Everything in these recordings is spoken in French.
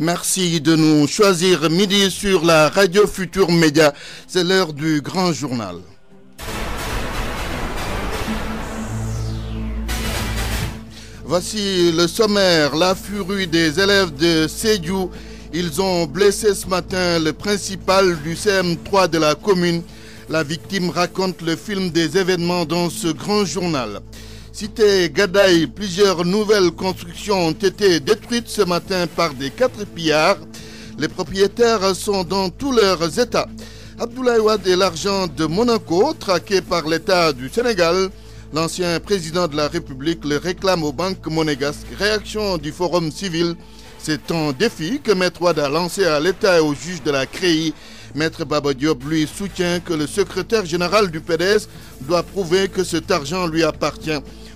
Merci de nous choisir midi sur la radio Futur Média. C'est l'heure du grand journal. Voici le sommaire, la furie des élèves de Seyou. Ils ont blessé ce matin le principal du CM3 de la commune. La victime raconte le film des événements dans ce grand journal. Cité Gadaï, plusieurs nouvelles constructions ont été détruites ce matin par des quatre pillards. Les propriétaires sont dans tous leurs états. Abdoulaye Wade et l'argent de Monaco, traqué par l'État du Sénégal. L'ancien président de la République le réclame aux banques monégasques. Réaction du Forum civil. C'est un défi que Maître Ouad a lancé à l'État et aux juges de la CREI Maître Babadiop lui soutient que le secrétaire général du PDS doit prouver que cet argent lui appartient.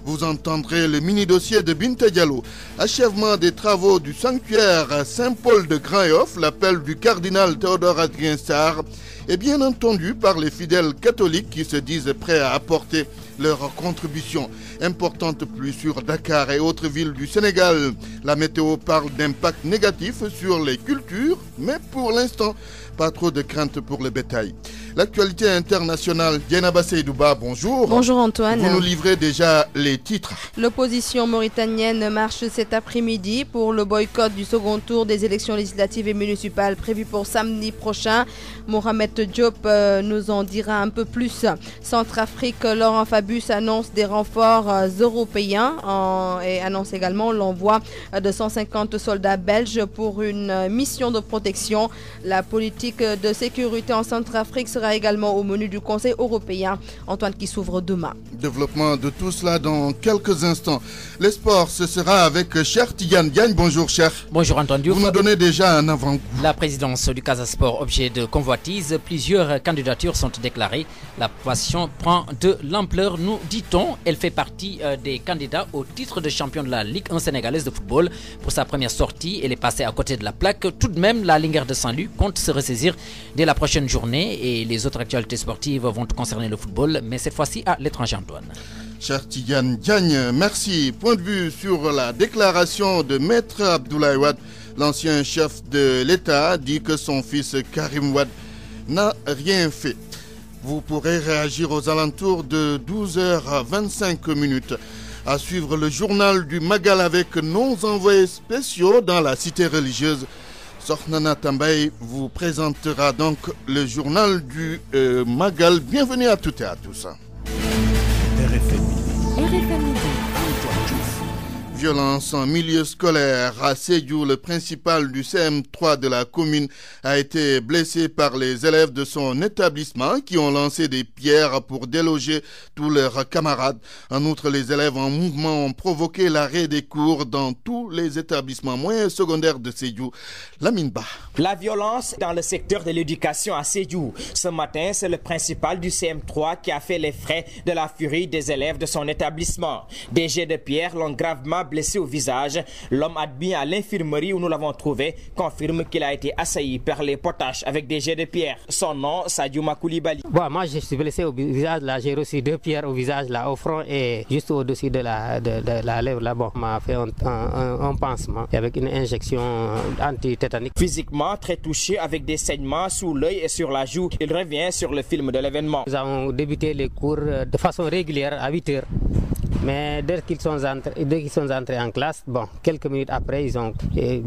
Vous entendrez le mini-dossier de Binta Diallo. Achèvement des travaux du sanctuaire Saint-Paul de Grayoff, l'appel du cardinal Théodore Adrien Sarr, et bien entendu par les fidèles catholiques qui se disent prêts à apporter leur contribution importante plus sur Dakar et autres villes du Sénégal. La météo parle d'impact négatif sur les cultures, mais pour l'instant, pas trop de crainte pour le bétail. L'actualité internationale, Diana et douba bonjour. Bonjour Antoine. Vous nous livrez déjà les titres. L'opposition mauritanienne marche cet après-midi pour le boycott du second tour des élections législatives et municipales prévues pour samedi prochain. Mohamed Diop euh, nous en dira un peu plus. Centrafrique, Laurent Fabien bus annonce des renforts euh, européens et annonce également l'envoi de 150 soldats belges pour une euh, mission de protection. La politique de sécurité en Centrafrique sera également au menu du Conseil européen. Antoine qui s'ouvre demain. Développement de tout cela dans quelques instants. Les sports, ce sera avec euh, Cher Gagne. Bonjour Cher. Bonjour Antoine Vous nous donnez déjà un avant goût La présidence du Casasport, objet de convoitise, plusieurs candidatures sont déclarées. La passion prend de l'ampleur nous dit-on, elle fait partie euh, des candidats au titre de champion de la Ligue 1 sénégalaise de football. Pour sa première sortie, elle est passée à côté de la plaque. Tout de même, la Lingère de Saint-Luc compte se ressaisir dès la prochaine journée et les autres actualités sportives vont concerner le football, mais cette fois-ci à l'étranger Antoine. Cher Tidiane Diagne, merci. Point de vue sur la déclaration de Maître Abdoulaye Wade, l'ancien chef de l'État, dit que son fils Karim Ouad n'a rien fait. Vous pourrez réagir aux alentours de 12h25 minutes. À suivre le journal du Magal avec nos envoyés spéciaux dans la cité religieuse. Sornana Tambay vous présentera donc le journal du euh, Magal. Bienvenue à toutes et à tous violence en milieu scolaire à Seyou, le principal du CM3 de la commune a été blessé par les élèves de son établissement qui ont lancé des pierres pour déloger tous leurs camarades. En outre, les élèves en mouvement ont provoqué l'arrêt des cours dans tous les établissements moyens secondaires de La Minba. La violence dans le secteur de l'éducation à Seyou, Ce matin, c'est le principal du CM3 qui a fait les frais de la furie des élèves de son établissement. Des jets de pierre l'ont gravement blessé au visage. L'homme admis à l'infirmerie où nous l'avons trouvé confirme qu'il a été assailli par les potaches avec des jets de pierre. Son nom, Sadio Makoulibali. moi je suis blessé au visage là, j'ai reçu deux pierres au visage là, au front et juste au-dessus de la, lèvre là. Bon, m'a fait un, un, pansement avec une injection antitétanique. Physiquement très touché avec des saignements sous l'œil et sur la joue, il revient sur le film de l'événement. Nous avons débuté les cours euh, de façon régulière à 8 h mais dès qu'ils sont, qu'ils sont, entrés en classe, bon, quelques minutes après, ils ont, les,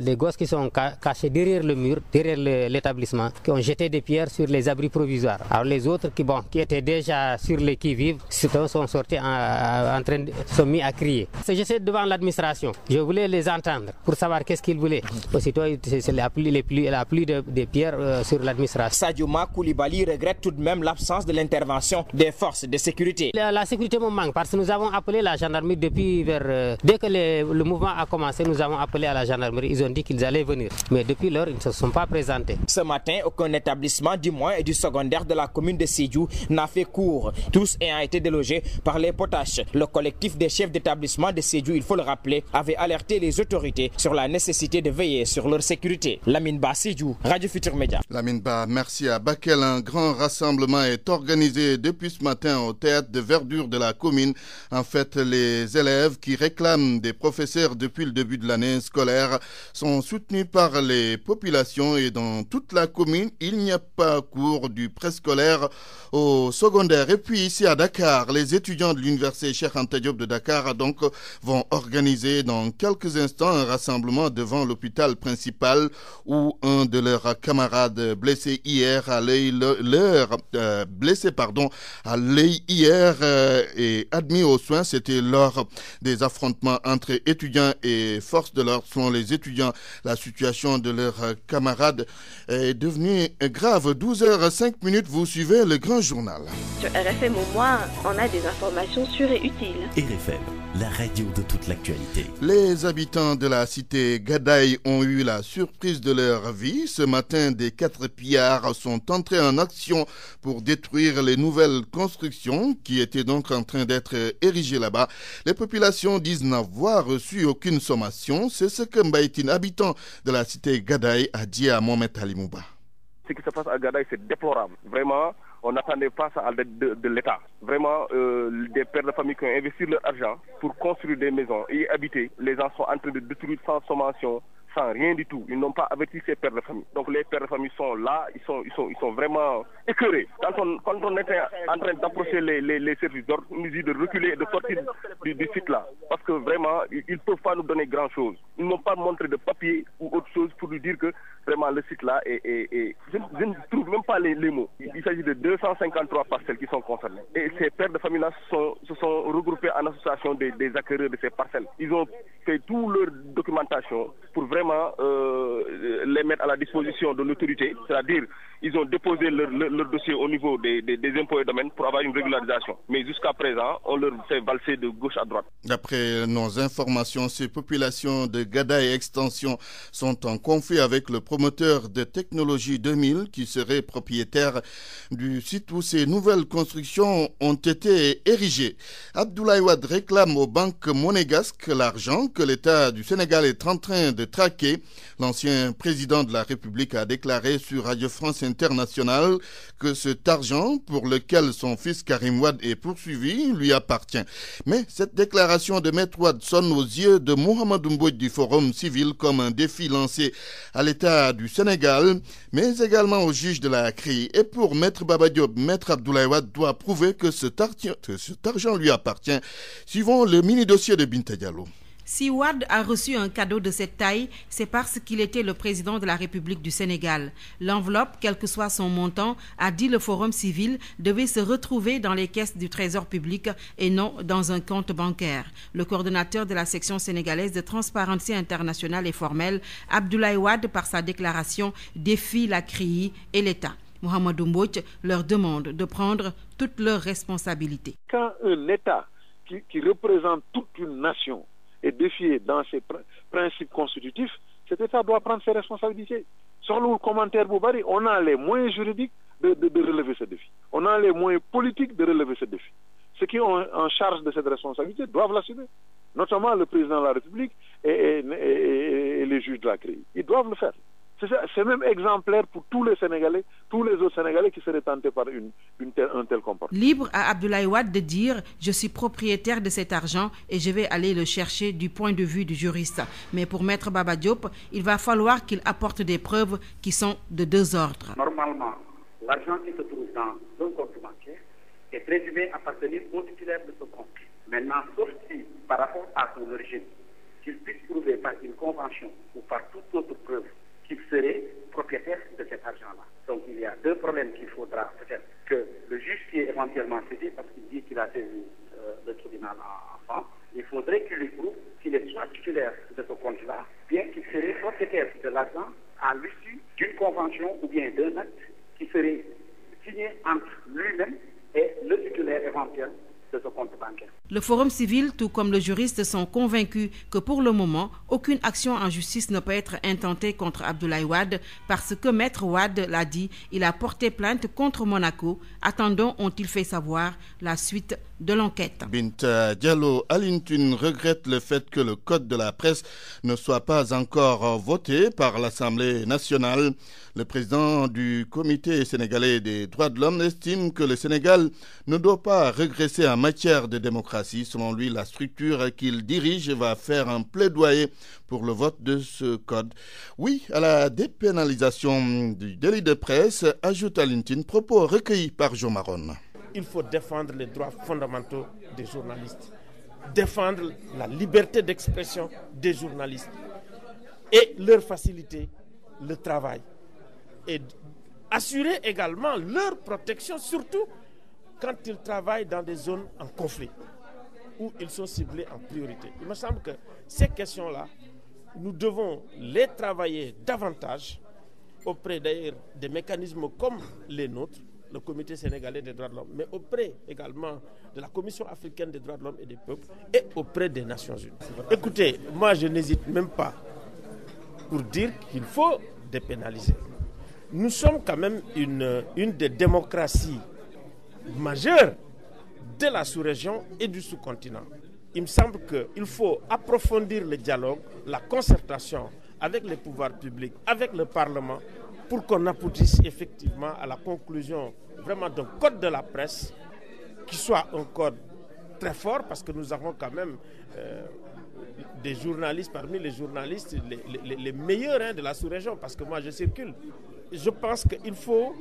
les gosses qui sont cachés derrière le mur, derrière l'établissement, qui ont jeté des pierres sur les abris provisoires. Alors les autres qui, bon, qui étaient déjà sur les qui-vivent, sont sortis en, train, sont mis à crier. j'essaie devant l'administration. Je voulais les entendre pour savoir qu'est-ce qu'ils voulaient. Aussitôt, c'est la pluie, les la pluie de, des pierres euh, sur l'administration. Sadio Koulibaly regrette tout de même l'absence de l'intervention des forces de sécurité. La, la sécurité me manque parce que nous avons appelé la gendarmerie depuis vers... Euh, dès que le mouvement a commencé, nous avons appelé à la gendarmerie. Ils ont dit qu'ils allaient venir. Mais depuis lors, ils ne se sont pas présentés. Ce matin, aucun établissement du moins et du secondaire de la commune de Sidiou n'a fait cours. Tous ont été délogés par les potaches. Le collectif des chefs d'établissement de Sidiou, il faut le rappeler, avait alerté les autorités sur la nécessité de veiller sur leur sécurité. Lamine Ba, Sidiou, Radio Futur Média. Lamine Ba, merci à Bakel. Un grand rassemblement est organisé depuis ce matin au théâtre de verdure de la commune en fait, les élèves qui réclament des professeurs depuis le début de l'année scolaire sont soutenus par les populations et dans toute la commune, il n'y a pas cours du préscolaire au secondaire. Et puis ici à Dakar, les étudiants de l'université Cheikh Anta Diop de Dakar vont organiser dans quelques instants un rassemblement devant l'hôpital principal où un de leurs camarades blessés hier à l'œil euh, blessé pardon à l'œil hier euh, est admis au soins. C'était lors des affrontements entre étudiants et forces de l'ordre. Selon les étudiants, la situation de leurs camarades est devenue grave. 12h05 minutes, vous suivez le grand journal. Sur RFM au moins, on a des informations sûres et utiles. RFM, la radio de toute l'actualité. Les habitants de la cité Gadaï ont eu la surprise de leur vie. Ce matin, des quatre pillards sont entrés en action pour détruire les nouvelles constructions qui étaient donc en train d'être là-bas. Les populations disent n'avoir reçu aucune sommation. C'est ce que Mbaïtine, habitant de la cité Gadaï, a dit à Mohamed Talimouba. Ce qui se passe à Gadaï, c'est déplorable. Vraiment, on n'attendait pas ça à l'aide de, l'État. Vraiment, euh, des pères de famille qui ont investi leur argent pour construire des maisons et y habiter. Les gens sont en train de détruire sans sommation, sans rien du tout. Ils n'ont pas averti ces pères de famille. Donc les pères de famille sont là, ils sont, ils sont, ils sont vraiment écœurés. Quand on, quand on était en train d'approcher les, les, les, services d'ordre, nous dit de reculer et de sortir du, site là. Parce que vraiment, ils ne peuvent pas nous donner grand chose. Ils n'ont pas montré de papier ou autre chose pour nous dire que vraiment le site là est. Je, ne trouve même pas les, mots. Il s'agit de 253 parcelles qui sont concernées. Et ces pères de famille là se sont regroupés en association des, des acquéreurs de ces parcelles. Ils ont fait toute leur documentation pour vraiment euh, les mettre à la disposition de l'autorité, c'est-à-dire ils ont déposé leur, dossier au niveau des, des, des impôts et domaines pour avoir une régularisation. Mais jusqu'à présent, on leur fait valser de gauche à droite. D'après nos informations, ces populations de Gada et Extension sont en conflit avec le promoteur de Technologie 2000 qui serait propriétaire du site où ces nouvelles constructions ont été érigées. Abdoulaye Wad réclame aux banques monégasques l'argent que l'État du Sénégal est en train de traquer L'ancien président de la République a déclaré sur Radio France Internationale que cet argent pour lequel son fils Karim Wad est poursuivi lui appartient. Mais cette déclaration de Maître Wad sonne aux yeux de Mohamed Mbouid du Forum civil comme un défi lancé à l'État du Sénégal, mais également aux juges de la CRI. Et pour Maître Babadiop, Maître Abdoulaye Wad doit prouver que cet, argent, lui appartient. suivant le mini-dossier de Binta si Ouad a reçu un cadeau de cette taille, c'est parce qu'il était le président de la République du Sénégal. L'enveloppe, quel que soit son montant, a dit le Forum civil, devait se retrouver dans les caisses du Trésor public et non dans un compte bancaire. Le coordonnateur de la section sénégalaise de Transparence internationale et formelle, Abdoulaye Ouad, par sa déclaration, défie la CRI et l'État. Mohamed Mbouch leur demande de prendre toutes leurs responsabilités. Quand un État qui représente toute une nation et défier dans ses principes constitutifs, cet État doit prendre ses responsabilités. sans le commentaire Boubari, on a les moyens juridiques de, relever ce défi. On a les moyens politiques de relever ce défi. Ceux qui ont en charge de cette responsabilité doivent l'assumer, notamment le président de la République et, les juges de la crise. Ils doivent le faire. C'est même exemplaire pour tous les Sénégalais, tous les autres Sénégalais qui seraient tentés par une, telle, un tel comportement. Libre à Abdoulaye Wade de dire « je suis propriétaire de cet argent et je vais aller le chercher du point de vue du juriste ». Mais pour mettre Baba Diop, il va falloir qu'il apporte des preuves qui sont de deux ordres. Normalement, l'argent qui se trouve dans un compte bancaire est présumé appartenir au titulaire de ce compte. Maintenant, sauf si, par rapport à son origine, qu'il puisse prouver par une convention ou par toute autre preuve serait serait propriétaire de cet argent-là. Donc il y a deux problèmes qu'il faudra peut-être que le juge qui est éventuellement saisi, parce qu'il dit qu'il a saisi euh, le tribunal en France, il faudrait qu'il lui prouve qu'il est soit titulaire de ce compte-là, bien qu'il serait propriétaire de l'argent à l'issue d'une convention ou bien d'un acte qui serait signé entre lui-même et le titulaire éventuel le Forum civil, tout comme le juriste, sont convaincus que pour le moment, aucune action en justice ne peut être intentée contre Abdoulaye Wade parce que Maître Wade l'a dit, il a porté plainte contre Monaco. Attendons, ont-ils fait savoir, la suite de l'enquête. Binta Diallo Alintun regrette le fait que le code de la presse ne soit pas encore voté par l'Assemblée nationale. Le président du Comité sénégalais des droits de l'homme estime que le Sénégal ne doit pas régresser en matière de démocratie. Selon lui, la structure qu'il dirige va faire un plaidoyer pour le vote de ce code. Oui, à la dépénalisation du délit de presse, ajoute Alintine, propos recueillis par Jean Maron il faut défendre les droits fondamentaux des journalistes, défendre la liberté d'expression des journalistes et leur faciliter le travail et assurer également leur protection, surtout quand ils travaillent dans des zones en conflit où ils sont ciblés en priorité. Il me semble que ces questions-là, nous devons les travailler davantage auprès d'ailleurs des mécanismes comme les nôtres le Comité sénégalais des droits de l'homme, mais auprès également de la Commission africaine des droits de l'homme et des peuples et auprès des Nations Unies. Écoutez, moi je n'hésite même pas pour dire qu'il faut dépénaliser. Nous sommes quand même une, une des démocraties majeures de la sous-région et du sous-continent. Il me semble qu'il faut approfondir le dialogue, la concertation avec les pouvoirs publics, avec le Parlement, pour qu'on aboutisse effectivement à la conclusion vraiment d'un code de la presse qui soit un code très fort parce que nous avons quand même euh, des journalistes, parmi les journalistes, les, meilleurs hein, de la sous-région, parce que moi je circule. Je pense qu'il faut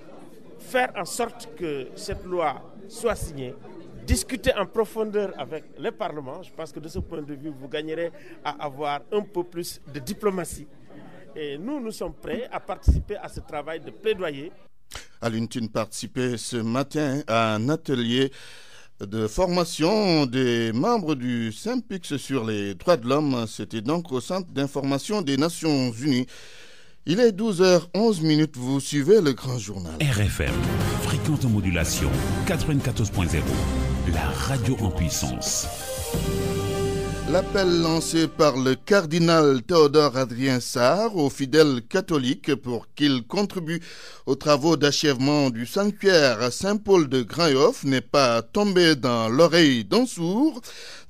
faire en sorte que cette loi soit signée, discuter en profondeur avec le Parlement. Je pense que de ce point de vue, vous gagnerez à avoir un peu plus de diplomatie. Et nous, nous sommes prêts à participer à ce travail de plaidoyer. Alintine participait ce matin à un atelier de formation des membres du Simpix sur les droits de l'homme. C'était donc au Centre d'information des Nations Unies. Il est 12h11, vous suivez le grand journal. RFM, fréquente modulation, 94.0, la radio en puissance. L'appel lancé par le cardinal Théodore Adrien Sarr aux fidèles catholiques pour qu'ils contribuent aux travaux d'achèvement du sanctuaire Saint-Paul de Grayoff n'est pas tombé dans l'oreille d'un sourd.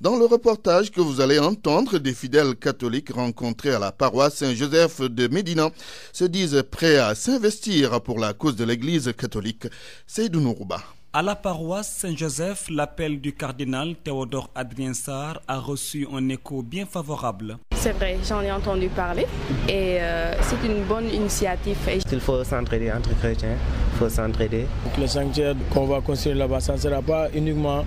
Dans le reportage que vous allez entendre, des fidèles catholiques rencontrés à la paroisse Saint-Joseph de Médina se disent prêts à s'investir pour la cause de l'Église catholique. C'est Nourouba. À la paroisse Saint-Joseph, l'appel du cardinal Théodore Adrien Sarr a reçu un écho bien favorable. C'est vrai, j'en ai entendu parler et euh, c'est une bonne initiative. Il faut s'entraider entre chrétiens s'entraider. Le sanctuaire qu'on va construire là-bas, ça ne sera pas uniquement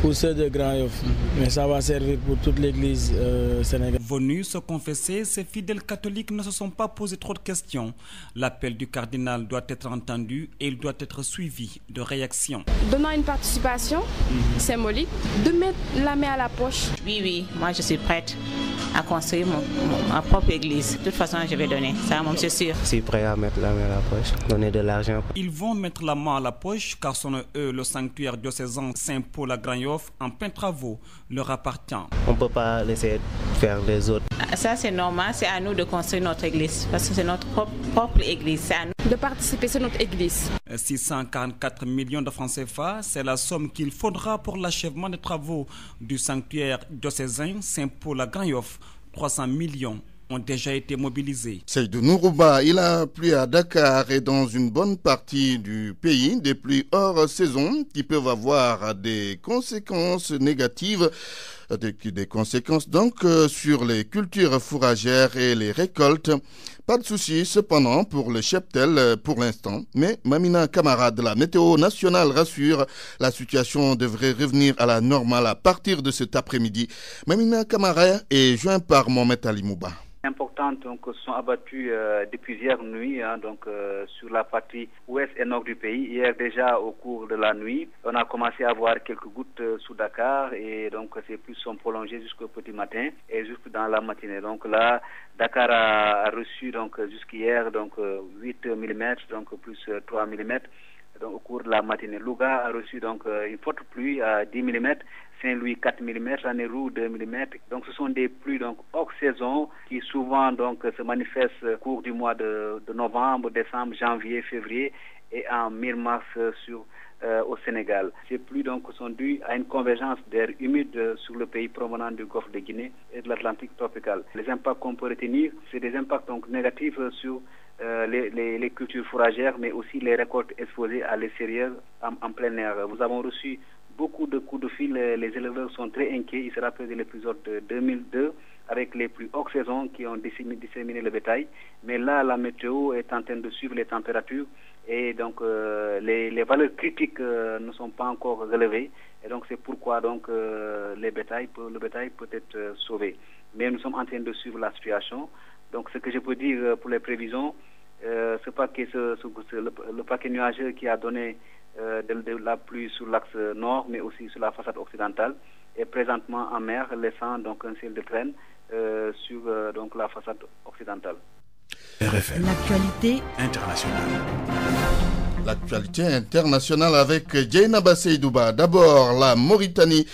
pour ceux de Grand Yoff, mais ça va servir pour toute l'église euh, sénégalaise. Venus se confesser, ces fidèles catholiques ne se sont pas posés trop de questions. L'appel du cardinal doit être entendu et il doit être suivi de réactions. Donnant une participation symbolique, de mettre la main à la poche. Oui, oui, moi je suis prête à construire mon, ma propre église. De toute façon, je vais donner. Ça, mon, suis sûr. Je suis prêt à mettre la main à la poche, donner de l'argent vont mettre la main à la poche car son eux, le sanctuaire diocésain Saint-Paul à Gragnoff en plein travaux leur appartient. On ne peut pas laisser faire les autres. Ah, ça c'est normal, c'est à nous de construire notre église parce que c'est notre propre, église, c'est à nous de participer, sur notre église. 644 euh, millions de francs CFA, c'est la somme qu'il faudra pour l'achèvement des travaux du sanctuaire diocésain Saint-Paul à Gragnoff, 300 millions ont déjà été mobilisés. de Nourouba, il a plu à Dakar et dans une bonne partie du pays des pluies hors saison qui peuvent avoir des conséquences négatives des, conséquences donc euh, sur les cultures fourragères et les récoltes. Pas de souci cependant pour le cheptel euh, pour l'instant, mais Mamina Kamara de la météo nationale rassure, la situation devrait revenir à la normale à partir de cet après-midi. Mamina Kamara est joint par Mohamed Ali importantes donc, sont abattues euh, depuis hier nuit hein, donc, euh, sur la partie ouest et nord du pays. Hier déjà au cours de la nuit, on a commencé à avoir quelques gouttes euh, sous Dakar et donc ces pluies sont prolongées jusqu'au petit matin et jusque dans la matinée. Donc là, Dakar a, reçu donc jusqu'hier donc 8 mm donc plus 3 mm donc, au cours de la matinée. Louga a reçu donc une forte pluie à 10 mm Saint-Louis 4 mm, roue 2 mm. Donc ce sont des pluies donc hors saison qui souvent donc se manifestent au cours du mois de, novembre, décembre, janvier, février et en mi-mars sur euh, au Sénégal. Ces pluies donc sont dues à une convergence d'air humide euh, sur le pays provenant du Golfe de Guinée et de l'Atlantique tropical. Les impacts qu'on peut retenir, c'est des impacts donc négatifs sur euh, les, cultures fourragères, mais aussi les récoltes exposées à l'extérieur en, en plein air. Nous avons reçu beaucoup de coups de fil. Euh, les éleveurs sont très inquiets. Il se rappelle de l'épisode de 2002 avec les plus hautes saisons qui ont disséminé, le bétail. Mais là, la météo est en train de suivre les températures et donc euh, les, valeurs critiques euh, ne sont pas encore relevées. Et donc c'est pourquoi donc le bétail peut être sauvé. Mais nous sommes en train de suivre la situation. Donc ce que je peux dire pour les prévisions, ce paquet, ce, le, paquet nuageux qui a donné euh, de, la pluie sur l'axe nord, mais aussi sur la façade occidentale, et présentement en mer, laissant donc un ciel de traîne euh, sur euh, donc la façade occidentale. L'actualité internationale. L'actualité internationale avec Jaina Bassey Douba. D'abord, la Mauritanie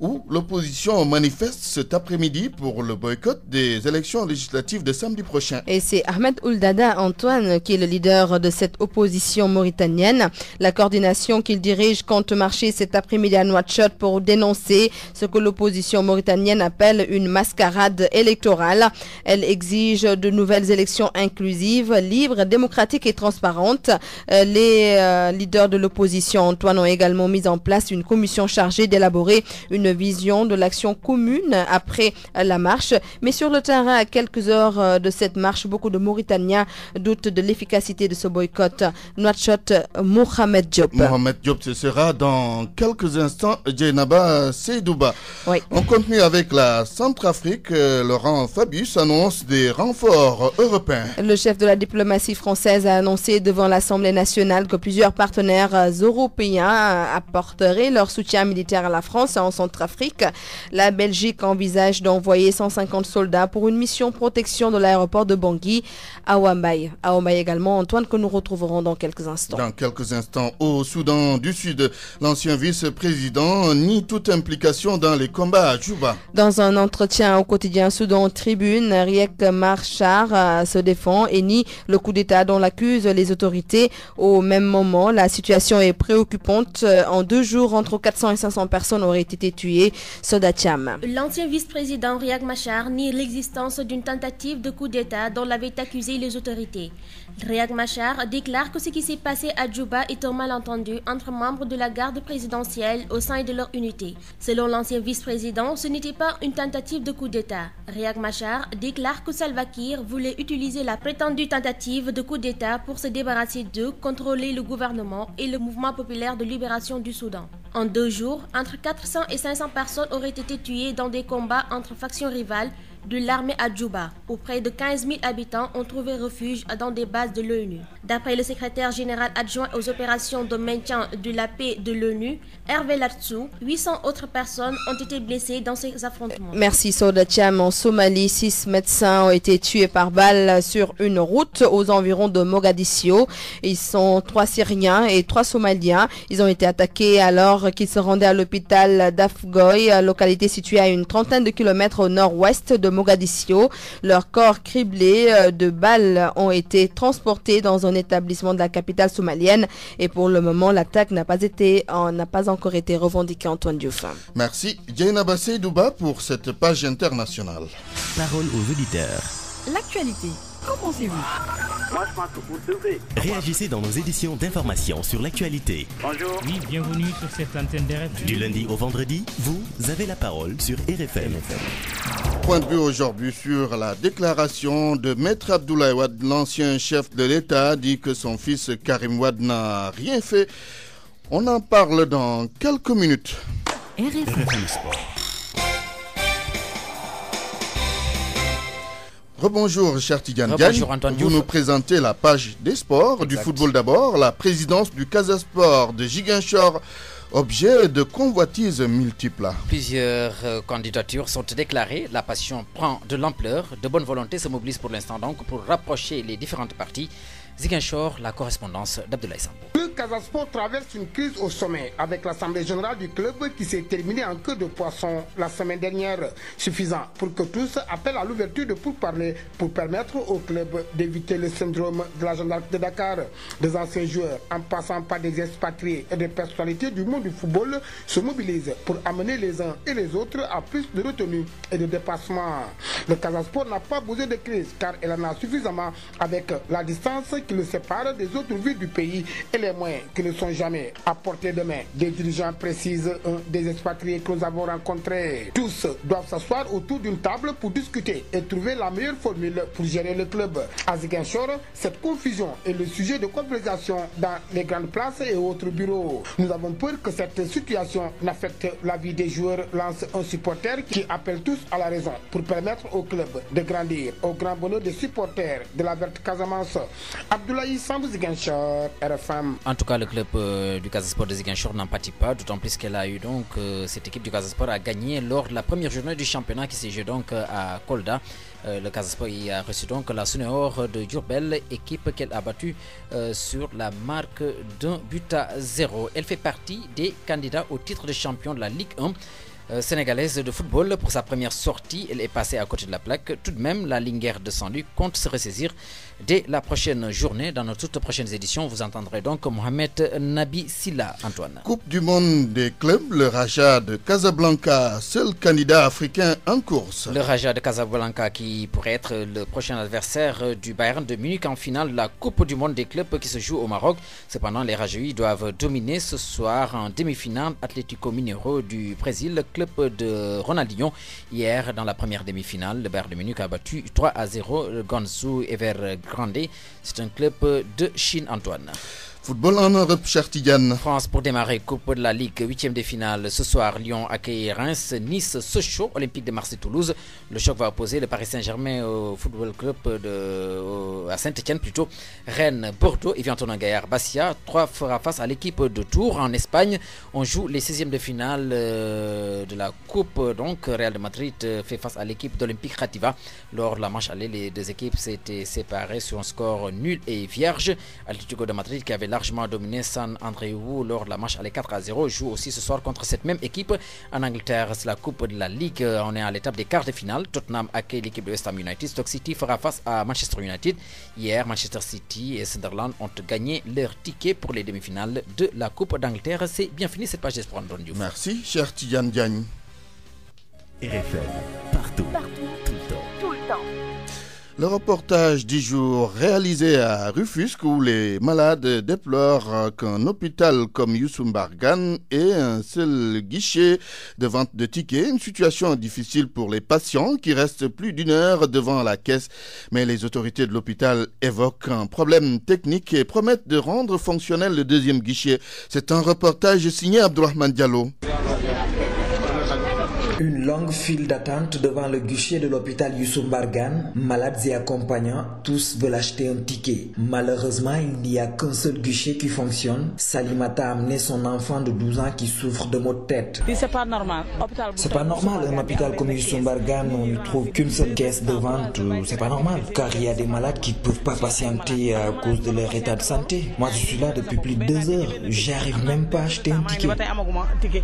où l'opposition manifeste cet après-midi pour le boycott des élections législatives de samedi prochain. Et c'est Ahmed Ouldada Antoine qui est le leader de cette opposition mauritanienne. La coordination qu'il dirige compte marcher cet après-midi à Nouakchott pour dénoncer ce que l'opposition mauritanienne appelle une mascarade électorale. Elle exige de nouvelles élections inclusives, libres, démocratiques et transparentes. Euh, les euh, leaders de l'opposition Antoine ont également mis en place une commission chargée d'élaborer une vision de l'action commune après la marche. Mais sur le terrain, à quelques heures euh, de cette marche, beaucoup de Mauritaniens doutent de l'efficacité de ce boycott. Nouakchott Mohamed Diop. Mohamed Diop, ce sera dans quelques instants. Djenaba Seydouba. Oui. On continue avec la Centrafrique. Euh, Laurent Fabius annonce des renforts européens. Le chef de la diplomatie française a annoncé devant l'Assemblée nationale que plusieurs partenaires euh, européens apporteraient leur soutien militaire à la France en centre Afrique. La Belgique envisage d'envoyer 150 soldats pour une mission protection de l'aéroport de Bangui à Wambaye. À Wambaye également, Antoine, que nous retrouverons dans quelques instants. Dans quelques instants, au Soudan du Sud, l'ancien vice-président nie toute implication dans les combats à Juba. Dans un entretien au quotidien Soudan Tribune, Riek Marchar euh, se défend et nie le coup d'État dont l'accusent les autorités. Au même moment, la situation est préoccupante. Euh, en deux jours, entre 400 et 500 personnes auraient été tuées L'ancien vice-président Riyad Machar nie l'existence d'une tentative de coup d'État dont l'avaient accusé les autorités. Riyad Machar déclare que ce qui s'est passé à Djouba est un malentendu entre membres de la garde présidentielle au sein de leur unité. Selon l'ancien vice-président, ce n'était pas une tentative de coup d'État. Riyad Machar déclare que Salva Kiir voulait utiliser la prétendue tentative de coup d'État pour se débarrasser d'eux, contrôler le gouvernement et le mouvement populaire de libération du Soudan. En deux jours, entre 400 et 500 personnes auraient été tuées dans des combats entre factions rivales de l'armée à Djouba, où près de 15 000 habitants ont trouvé refuge dans des bases de l'ONU. D'après le secrétaire général adjoint aux opérations de maintien de la paix de l'ONU, Hervé Latsou, 800 autres personnes ont été blessées dans ces affrontements. Merci Soda En Somalie, 6 médecins ont été tués par balle sur une route aux environs de Mogadiscio. Ils sont trois Syriens et trois Somaliens. Ils ont été attaqués alors qu'ils se rendaient à l'hôpital d'Afgoy, localité située à une trentaine de kilomètres au nord-ouest de Mogadiscio. Leurs corps criblés euh, de balles ont été transportés dans un établissement de la capitale somalienne et pour le moment, l'attaque n'a pas été, n'a pas encore été revendiquée. Antoine Diouf. Merci. Diana Bassé Douba pour cette page internationale. Parole aux auditeurs. L'actualité. Qu'en pensez-vous Réagissez dans nos éditions d'information sur l'actualité. Bonjour. Oui, bienvenue sur cette antenne Du lundi au vendredi, vous avez la parole sur RFM. Point de vue aujourd'hui sur la déclaration de Maître Abdoulaye Wad, l'ancien chef de l'État, dit que son fils Karim Wad n'a rien fait. On en parle dans quelques minutes. RFM, Rebonjour, cher Tigan Gagne. Vous nous présentez la page des sports, du football d'abord, la présidence du Casasport de Giganchor, objet de convoitises multiples. Plusieurs euh, candidatures sont déclarées, la passion prend de l'ampleur, de bonne volonté se mobilise pour l'instant donc pour rapprocher les différentes parties. Ziguinchor, la correspondance d'Abdoulaye Sambou. Le Casasport traverse une crise au sommet avec l'Assemblée générale du club qui s'est terminée en queue de poisson la semaine dernière. Suffisant pour que tous appellent à l'ouverture de pourparlers pour permettre au club d'éviter le syndrome de la Gendarmerie de Dakar. Des anciens joueurs, en passant par des expatriés et des personnalités du monde du football, se mobilisent pour amener les uns et les autres à plus de retenue et de dépassement. Le Casasport n'a pas besoin de crise car elle en a suffisamment avec la distance qui le sépare des autres villes du pays et les moyens qui ne sont jamais à portée de main. Des dirigeants précisent des expatriés que nous avons rencontrés. Tous doivent s'asseoir autour d'une table pour discuter et trouver la meilleure formule pour gérer le club. A Ziguinchor, cette confusion est le sujet de conversation dans les grandes places et autres bureaux. Nous avons peur que cette situation n'affecte la vie des joueurs, lance un supporter qui appelle tous à la raison pour permettre au club de grandir au grand bonheur des supporters de la Verte Casamance. En tout cas, le club euh, du Casa Sport de Ziguinchor n'en pâtit pas, d'autant plus qu'elle a eu donc, euh, cette équipe du Casa Sport a gagné lors de la première journée du championnat qui s'est joué donc euh, à Kolda. le Casasport y a reçu donc la Sunéor de Durbel, équipe qu'elle a battue sur la marque d'un but à zéro. Elle fait partie des candidats au titre de champion de la Ligue 1 sénégalaise de football. Pour sa première sortie, elle est passée à côté de la plaque. Tout de même, la ligue de compte se ressaisir dès la prochaine journée. Dans nos toutes prochaines éditions, vous entendrez donc Mohamed Nabi Silla, Antoine. Coupe du monde des clubs, le Raja de Casablanca, seul candidat africain en course. Le Raja de Casablanca qui pourrait être le prochain adversaire du Bayern de Munich en finale la Coupe du monde des clubs qui se joue au Maroc. Cependant, les Rajaouis doivent dominer ce soir en demi-finale Atlético Mineiro du Brésil, le club de Ronaldinho. Hier, dans la première demi-finale, le Bayern de Munich a battu 3 à 0 Gansu Ever c'est un club euh, de Chine, Antoine. Football en Europe, cher Tigane. France pour démarrer Coupe de la Ligue, huitième de finale. Ce soir, Lyon accueille Reims, Nice, Sochaux, Olympique de Marseille-Toulouse. Le choc va opposer le Paris Saint-Germain au Football Club de, à Saint-Etienne, plutôt. Rennes, Bordeaux et Antonin Gaillard. Bastia, 3 fera face à l'équipe de Tours en Espagne. On joue les 16e de finale euh, de la Coupe. Donc, Real de Madrid euh, fait face à l'équipe d'Olympique Rativa. Lors de la manche allée, les deux équipes s'étaient séparées sur un score nul et vierge. Altitude de Madrid qui avait la largement dominé San Andreu lors de la match les 4 à 0 joue aussi ce soir contre cette même équipe en Angleterre. C'est la Coupe de la Ligue. On est à l'étape des quarts de finale. Tottenham accueille l'équipe de West Ham United. Stock City fera face à Manchester United. Hier, Manchester City et Sunderland ont gagné leur ticket pour les demi-finales de la Coupe d'Angleterre. C'est bien fini cette page d'espoir, Merci, cher Tidiane Diagne. RFL, partout, partout, tout le temps. Tout le temps. Le reportage du jour réalisé à Rufusque où les malades déplorent qu'un hôpital comme Bargan ait un seul guichet de vente de tickets, une situation difficile pour les patients qui restent plus d'une heure devant la caisse. Mais les autorités de l'hôpital évoquent un problème technique et promettent de rendre fonctionnel le deuxième guichet. C'est un reportage signé Abdourahman Diallo. Une longue file d'attente devant le guichet de l'hôpital Youssou Malades et accompagnants, tous veulent acheter un ticket. Malheureusement, il n'y a qu'un seul guichet qui fonctionne. Salimata a amené son enfant de 12 ans qui souffre de maux de tête. C'est pas normal. C'est pas normal. Un hôpital comme Youssou on ne trouve qu'une seule caisse de vente. C'est pas normal. Car il y a des malades qui ne peuvent pas patienter à cause de leur état de santé. Moi, je suis là depuis plus de deux heures. J'arrive même pas à acheter un ticket.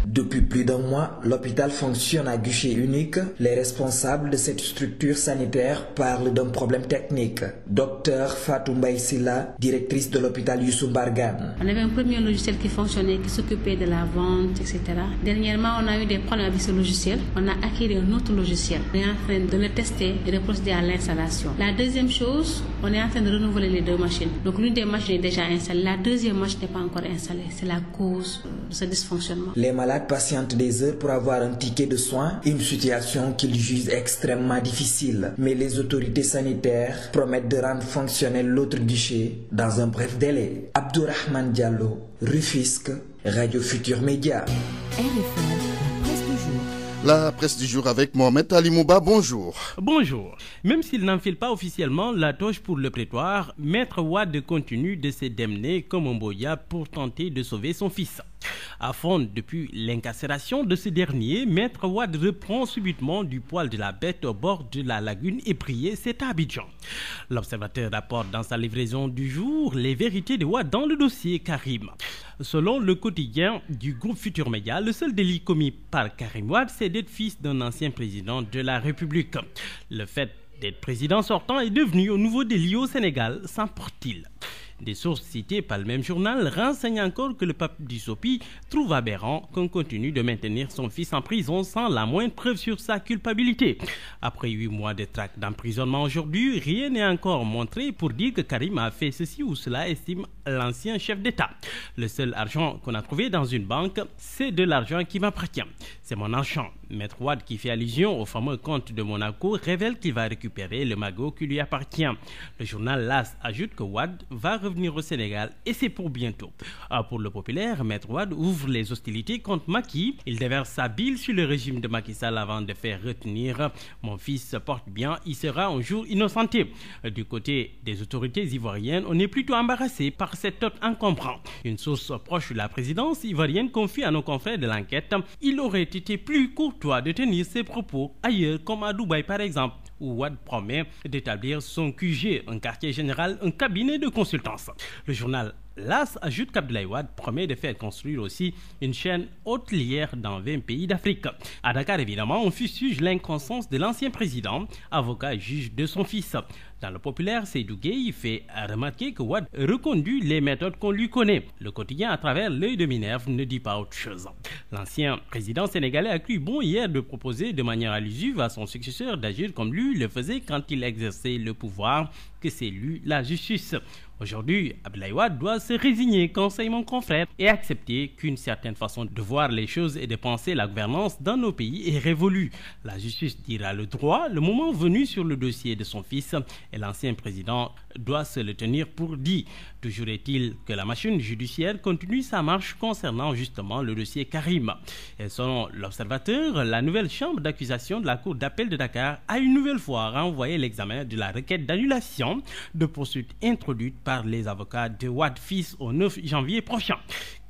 Depuis plus d'un mois, l'hôpital fonctionne à guichet unique, les responsables de cette structure sanitaire parlent d'un problème technique. Docteur Fatou Mbaïsila, directrice de l'hôpital Youssou Bargan. On avait un premier logiciel qui fonctionnait, qui s'occupait de la vente, etc. Dernièrement, on a eu des problèmes avec ce logiciel. On a acquis un autre logiciel. On est en train de le tester et de procéder à l'installation. La deuxième chose, on est en train de renouveler les deux machines. Donc l'une des machines est déjà installée, la deuxième machine n'est pas encore installée. C'est la cause de ce dysfonctionnement. Les malades patientent des heures pour avoir un ticket de soins une situation qu'ils juge extrêmement difficile. Mais les autorités sanitaires promettent de rendre fonctionnel l'autre guichet dans un bref délai. Abdourahman Diallo, Rufisque, Radio Futur Média. La presse du jour avec Mohamed Ali Mouba, bonjour. Bonjour. Même s'il n'enfile pas officiellement la toche pour le prétoire, Maître Wade continue de se démener comme un boya pour tenter de sauver son fils fond, depuis l'incarcération de ce dernier, Maître Wad reprend subitement du poil de la bête au bord de la lagune et prier cet Abidjan. L'observateur rapporte dans sa livraison du jour les vérités de Wad dans le dossier Karim. Selon le quotidien du groupe Futur Média, le seul délit commis par Karim Wad, c'est d'être fils d'un ancien président de la République. Le fait d'être président sortant est devenu au nouveau délit au Sénégal, sans t il des sources citées par le même journal renseignent encore que le pape d'Isopie trouve aberrant qu'on continue de maintenir son fils en prison sans la moindre preuve sur sa culpabilité. Après huit mois de traque d'emprisonnement aujourd'hui, rien n'est encore montré pour dire que Karim a fait ceci ou cela, estime l'ancien chef d'État. Le seul argent qu'on a trouvé dans une banque, c'est de l'argent qui m'appartient. C'est mon argent. Maître Wad, qui fait allusion au fameux compte de Monaco, révèle qu'il va récupérer le magot qui lui appartient. Le journal LAS ajoute que Wad va revenir au Sénégal et c'est pour bientôt. Ah, pour le populaire, Maître Wad ouvre les hostilités contre Maki. Il déverse sa bile sur le régime de Macky Sall avant de faire retenir Mon fils se porte bien, il sera un jour innocenté. Du côté des autorités ivoiriennes, on est plutôt embarrassé par cette note encombrante. Une source proche de la présidence ivoirienne confie à nos confrères de l'enquête il aurait été plus court toi de tenir ses propos ailleurs, comme à Dubaï par exemple, où Wad promet d'établir son QG, un quartier général, un cabinet de consultance. Le journal L'AS ajoute qu'Abdoulaye Wad promet de faire construire aussi une chaîne hôtelière dans 20 pays d'Afrique. À Dakar, évidemment, on fustige l'inconscience de l'ancien président, avocat juge de son fils. Dans le populaire, Seydou Gueye fait remarquer que Wad reconduit les méthodes qu'on lui connaît. Le quotidien à travers l'œil de Minerve ne dit pas autre chose. L'ancien président sénégalais a cru bon hier de proposer de manière allusive à son successeur d'agir comme lui le faisait quand il exerçait le pouvoir que c'est lui la justice. Aujourd'hui, Abdelaïwa doit se résigner, conseille mon confrère, et accepter qu'une certaine façon de voir les choses et de penser la gouvernance dans nos pays est révolue. La justice dira le droit le moment venu sur le dossier de son fils et l'ancien président doit se le tenir pour dit. Toujours est-il que la machine judiciaire continue sa marche concernant justement le dossier Karim. selon l'observateur, la nouvelle chambre d'accusation de la Cour d'appel de Dakar a une nouvelle fois renvoyé l'examen de la requête d'annulation de poursuite introduite par les avocats de Wadfis Fils au 9 janvier prochain.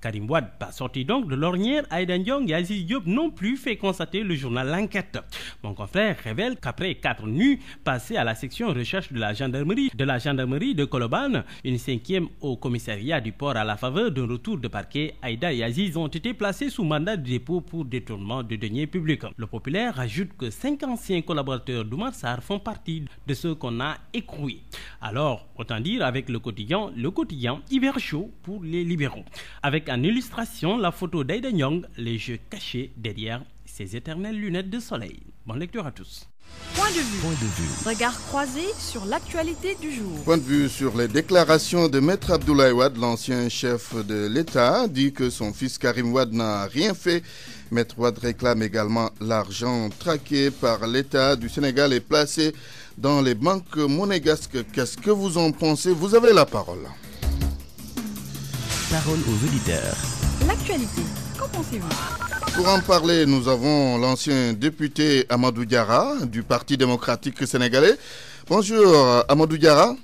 Karim Wad, pas sorti donc de l'ornière, Aïda Diong et Aziz Diop n'ont plus fait constater le journal L'Enquête. Mon confrère révèle qu'après quatre nuits passées à la section recherche de la gendarmerie de la gendarmerie de Koloban, une cinquième au commissariat du port à la faveur d'un retour de parquet, Aïda et Aziz ont été placés sous mandat de dépôt pour détournement de deniers publics. Le populaire ajoute que cinq anciens collaborateurs d'Oumar Sarr font partie de ceux qu'on a écroués. Alors, autant dire avec le quotidien, le quotidien hiver chaud pour les libéraux. Avec en illustration la photo d'Aiden Young, les jeux cachés derrière ses éternelles lunettes de soleil. Bonne lecture à tous. Point de, vue. Point de vue. Regard croisé sur l'actualité du jour. Point de vue sur les déclarations de Maître Abdoulaye Wad, l'ancien chef de l'État, dit que son fils Karim Wad n'a rien fait. Maître Wad réclame également l'argent traqué par l'État du Sénégal et placé dans les banques monégasques. Qu'est-ce que vous en pensez Vous avez la parole parole aux L'actualité, qu'en pensez-vous pour en parler, nous avons l'ancien député Amadou Diara du Parti démocratique sénégalais. Bonjour Amadou Diara.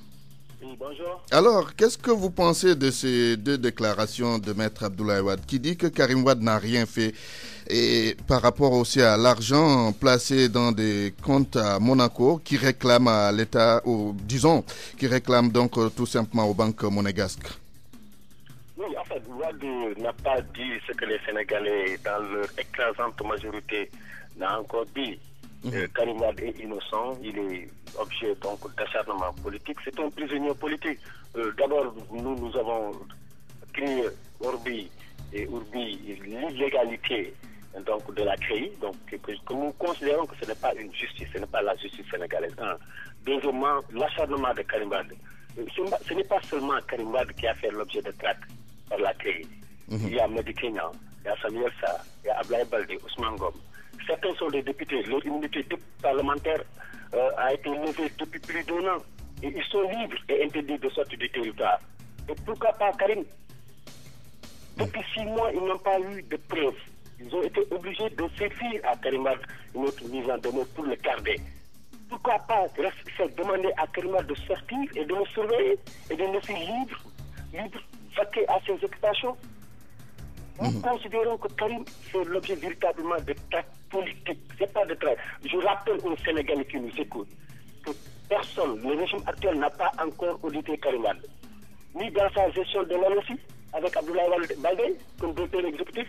bonjour. Alors, qu'est-ce que vous pensez de ces deux déclarations de Maître Abdoulaye Wade qui dit que Karim Wade n'a rien fait et par rapport aussi à l'argent placé dans des comptes à Monaco qui réclame à l'État, ou disons, qui réclame donc euh, tout simplement aux banques monégasques oui, en fait, Wade n'a pas dit ce que les Sénégalais, dans leur écrasante majorité, n'a encore dit. Mmh. est innocent, il est objet donc d'acharnement politique. C'est un prisonnier politique. Euh, d'abord, nous, nous avons crié Orbi et Urbi l'illégalité donc de la CRI, donc que, nous considérons que ce n'est pas une justice, ce n'est pas la justice sénégalaise. Deuxièmement, l'acharnement de Karim ce n'est pas seulement Karim Wade qui a fait l'objet de traque par la CRI. Mhm. Il y a Mehdi il y a Samuel Sa, il y a Ablaï Baldi, Ousmane Gom. Certains sont des députés. Leur immunité parlementaire euh, a été levée depuis plus d'un an. Et ils sont libres et interdits de sortir du territoire. Et pourquoi pas Karim Depuis six mois, ils n'ont pas eu de preuves. Ils ont été obligés de s'écrire à Karim Wade une autre mise en demeure pour le garder pourquoi pas demander à Karim de sortir et de me surveiller et de me laisser libre, libre, vaquer à ses occupations Nous mhm. considérons que Karim c'est l'objet véritablement de traite politique. C'est pas de traite. Je rappelle aux Sénégalais qui nous écoutent que personne, le régime actuel n'a pas encore audité Karim. ni dans sa gestion de Russie, avec Abdoulaye Baldé comme directeur exécutif,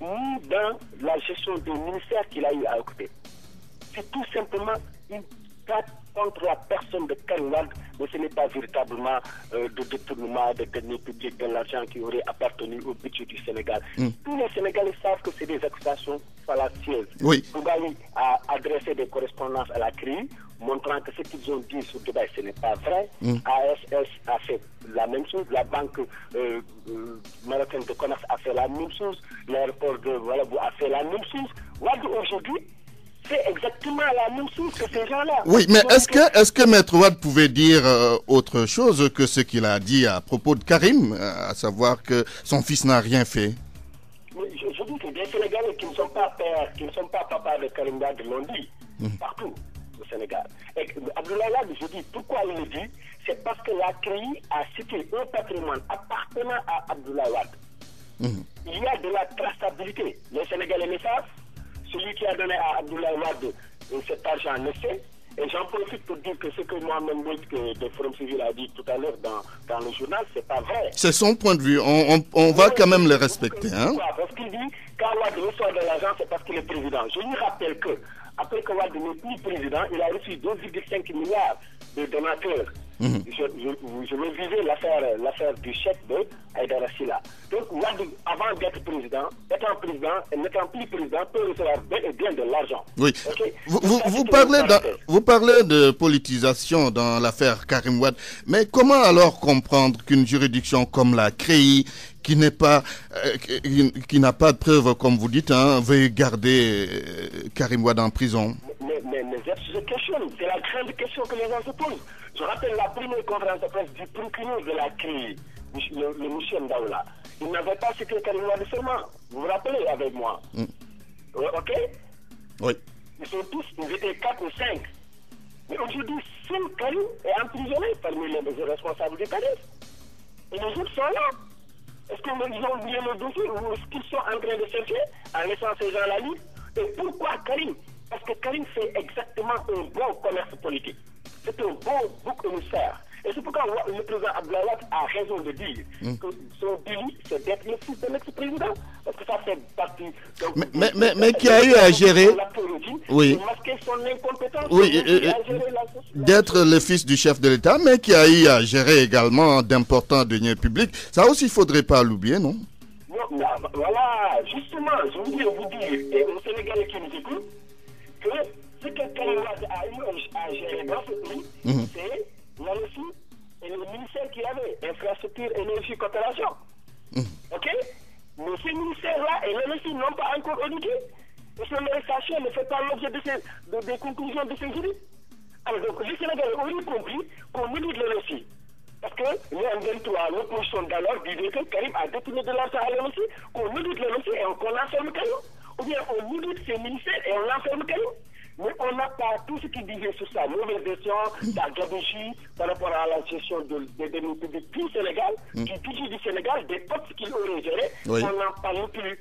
ni dans la gestion des ministères qu'il a eu à occuper. C'est tout simplement une contre la personne de mais ce n'est pas véritablement euh, de détournement de données publics, de l'argent qui aurait appartenu au budget du Sénégal. Hmm. Tous les Sénégalais savent que c'est des accusations fallacieuses. Oui. a adressé des correspondances à la CRI montrant que ce qu'ils ont dit sur Dubaï, ce n'est pas vrai. Hmm. ASS a fait la même chose, la banque euh, euh de commerce a fait la même chose, l'aéroport de Walabou a fait la même chose. aujourd'hui c'est exactement la même chose que ces gens-là. Oui, mais est-ce que, est que Maître Wad pouvait dire euh, autre chose que ce qu'il a dit à propos de Karim, euh, à savoir que son fils n'a rien fait je, je, dis que des Sénégalais qui ne sont pas pères, qui ne sont pas papa de Karim Wad l'ont dit hum. partout au Sénégal. Et Abdoulaye je dis pourquoi il le dit C'est parce que la CRI a cité un patrimoine appartenant à Abdoulaye Wade. Hum. Il y a de la traçabilité. Les Sénégalais le savent qui a donné à Abdoulaye Wade cet argent laissé. Et j'en profite pour dire que ce que moi-même que de Forum Civil a dit tout à l'heure dans, dans, le journal, c'est pas vrai. C'est son point de vue. On, on, on va quand même le respecter. Hein? Parce qu'il dit, quand Wade reçoit de l'argent, c'est parce qu'il est président. Je lui rappelle que, après que Wade n'est plus président, il a reçu 2,5 milliards de donateurs je, me visais l'affaire du chef de Aïdara Donc, Wadi, avant d'être président, étant président et n'étant plus président, peut recevoir bien et bien de l'argent. Oui. Vous, vous, parlez vous, parlez de politisation dans l'affaire Karim Wad, mais comment alors comprendre qu'une juridiction comme la CREI, qui n'est pas, qui, n'a pas de preuves, comme vous dites, veuille garder Karim Wad en prison mais, mais, mais, c'est la grande question que les gens se posent. Je rappelle la première conférence de presse du procureur de la crise, le, monsieur Ndaoula. Il n'avait pas cité Karim seulement. Vous vous rappelez avec moi mm. Ok Oui. Ils sont tous, ils étaient quatre ou cinq. Mais aujourd'hui, seul Karim est emprisonné parmi les responsables du Karim. E Et les autres sont là. Est-ce qu'ils ont oublié le dossier ou est-ce qu'ils sont en train de chercher en laissant ces gens à la ligne Et pourquoi Karim Parce que Karim fait exactement un bon commerce politique c'est un bon bouc émissaire. Et c'est pourquoi le président Abdoulaye a raison de dire hmm. que son délit, c'est d'être le fils de l'ex-président. Parce que ça fait partie. mais, mais, mais, qui a eu à gérer. Oui. Son incompétence, oui, d'être le fils du chef de l'État, mais qui a eu à gérer également d'importants deniers publics. Ça aussi, il ne faudrait pas l'oublier, non? Voilà, justement, je vous dire, et aux Sénégalais qui nous écoutent, Mhm. C'est la Russie, c'est et le ministère qui avait, infrastructure, énergie, coopération. Mhm. OK Mais ces ministères-là et Russie n'ont pas encore éduqué Et son arrestation ne fait pas l'objet de de, des conclusions de ces jury. Alors donc, les a ont compris qu'on milite Russie. Parce que nous M23, pensons d'alors disait que Karim a détenu de l'argent à Russie, qu'on milite Russie et qu'on l'enferme Karim. Ou bien on milite ces ministères et on l'enferme Karim. Mais on n'a pas tout ce qui disait sur sa mauvaise gestion, sa gabegie par rapport à la gestion de, de, de, de Sénégal, mm. qui du toujours du Sénégal, des postes qu'il aurait géré, on n'en parle plus.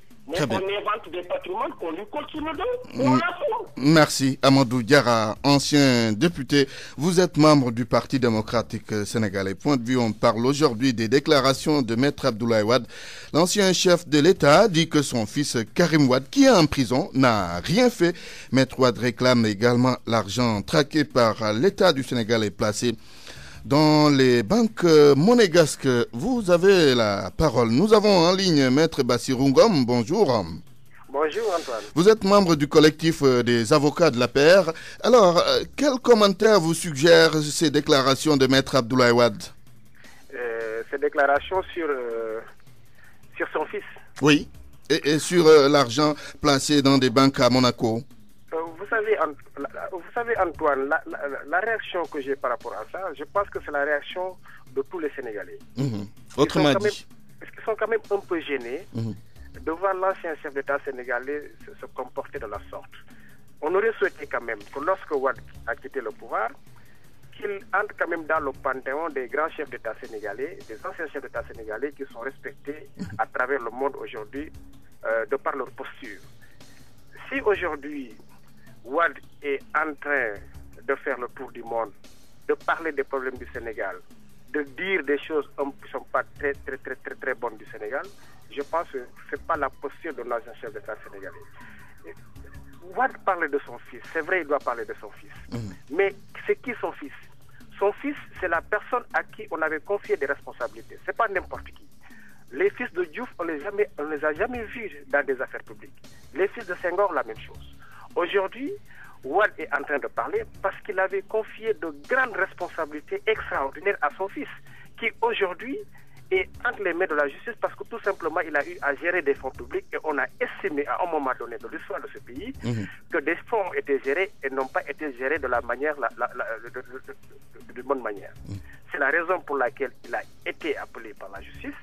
Merci. Amadou Diara, ancien député. Vous êtes membre du Parti démocratique euh, sénégalais. Point de vue, on parle aujourd'hui des déclarations de Maître Abdoulaye Wad. L'ancien chef de l'État dit que son fils Karim Wad, qui est en prison, n'a rien fait. Maître Wad réclame également l'argent traqué par euh, l'État du Sénégal et placé dans les banques euh, monégasques. Vous avez la parole. Nous avons en ligne Maître Bassirungom. Bonjour. Bonjour Antoine. Vous êtes membre du collectif euh, des avocats de la paire. Alors, euh, quel commentaire vous suggère ces déclarations de Maître Abdoulaye Wad Ces déclarations sur, sur son fils. Oui, et, sur l'argent placé dans des banques à Monaco. vous savez, vous savez, Antoine, la, réaction que j'ai par rapport à ça, je pense que c'est la réaction de tous les Sénégalais. Mhm. Autrement dit. Ils sont quand même un peu gênés mhm. de voir l'ancien chef d'État sénégalais se, comporter de la sorte. On aurait souhaité quand même que lorsque Ouad a quitté le pouvoir, qu'il entre quand même dans le panthéon des grands chefs d'État sénégalais, des anciens chefs d'État sénégalais qui sont respectés à travers le monde aujourd'hui euh, de par leur posture. Si aujourd'hui Wad est en train de faire le tour du monde, de parler des problèmes du Sénégal, de dire des choses qui ne sont pas très, très, très, très, très bonnes du Sénégal, je pense que ce n'est pas la posture de l'agent chef d'État sénégalais. Wad parle de son fils, c'est vrai, il doit parler de son fils. Mmh. Mais c'est qui son fils Son fils, c'est la personne à qui on avait confié des responsabilités. Ce n'est pas n'importe qui. Les fils de Diouf, on ne les a jamais vus dans des affaires publiques. Les fils de Senghor, la même chose. Aujourd'hui, Wall est en train de parler parce qu'il avait confié de grandes responsabilités extraordinaires à son fils, qui aujourd'hui est entre les mains de la justice parce que tout simplement il a eu à gérer des fonds publics et on a estimé à un moment donné de l'histoire de ce pays mhm. que des fonds étaient gérés et n'ont pas été gérés de la manière, la, la, bonne manière. Mhm. C'est la raison pour laquelle il a été appelé par la justice